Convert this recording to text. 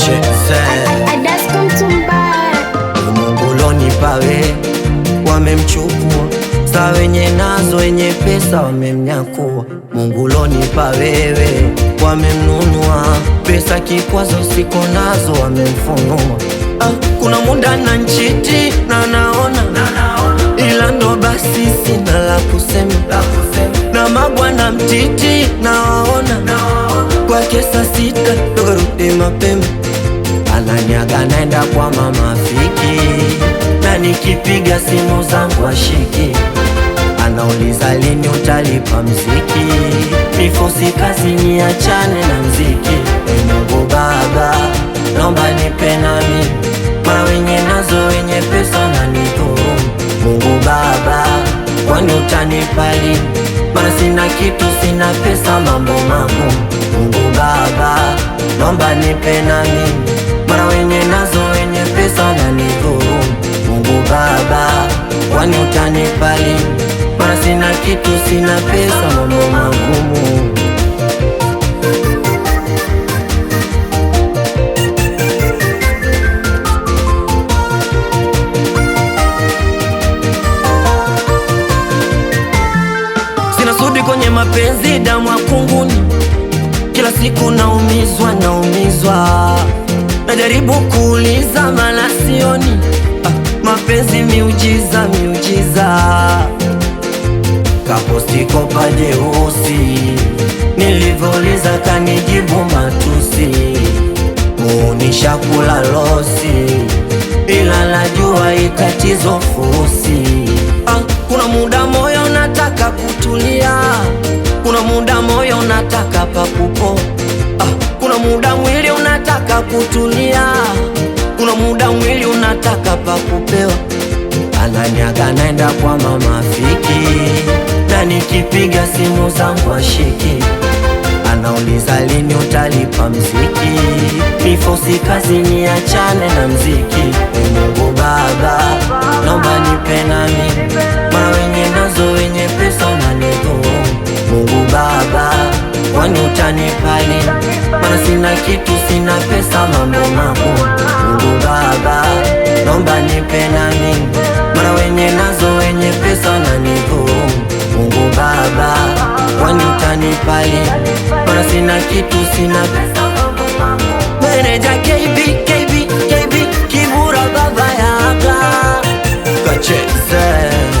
Che Mongoloni pawe wamemchukua, za wenye nazo wenye pesa wamemnyakua. Mongoloni pa wewe wamemnunua, pesa kikwazo siko nazo wamemfunua. Ah, kuna muda na nchiti na naona ila ndo basi sina la kusema na mabwana mtiti na waona kwa kesa sita toka rudi mapema ananyaga naenda kwa mama fiki, na nikipiga simu zangu ashiki, anauliza lini utalipa mziki, nifosi kazi niachane na mziki. Mungu Baba, naomba nipe nami mawenye nazo wenye pesa na nitu Mungu Baba, kwani utanipali lini? kitu, sina pesa, mambo mangu Mungu Baba, naomba nipe nami kitu, sina pesa, mambo magumu. kwenye mapenzi, damu akunguni, kila siku naumizwa, naumizwa, najaribu kuuliza, mala sioni. Ah, mapenzi miujiza, miujiza kaposti kopa jeusi, nilivyouliza kanijibu matusi, kuonisha kula losi, ila lajua ikatizo fusi. Ah, kuna muda moyo nataka kutulia, kuna muda moyo nataka pakupo. Ah, kuna muda mwili unataka kutulia, kuna muda mwili unataka pakupewa. Ananyaga naenda kwa mama fiki nikipiga simu zangu ashiki, anauliza lini utalipa mziki. Mifosi kazi achane na mziki. Mungu Baba, naomba nipe nami mawenye nazo wenye pesa na nidhamu. Mungu Baba, kwani utanipa lini? Mana sina kitu, sina pesa, mambo mambo kitu sina. Meneja KB, KB, KB kivura baba yaga kacheze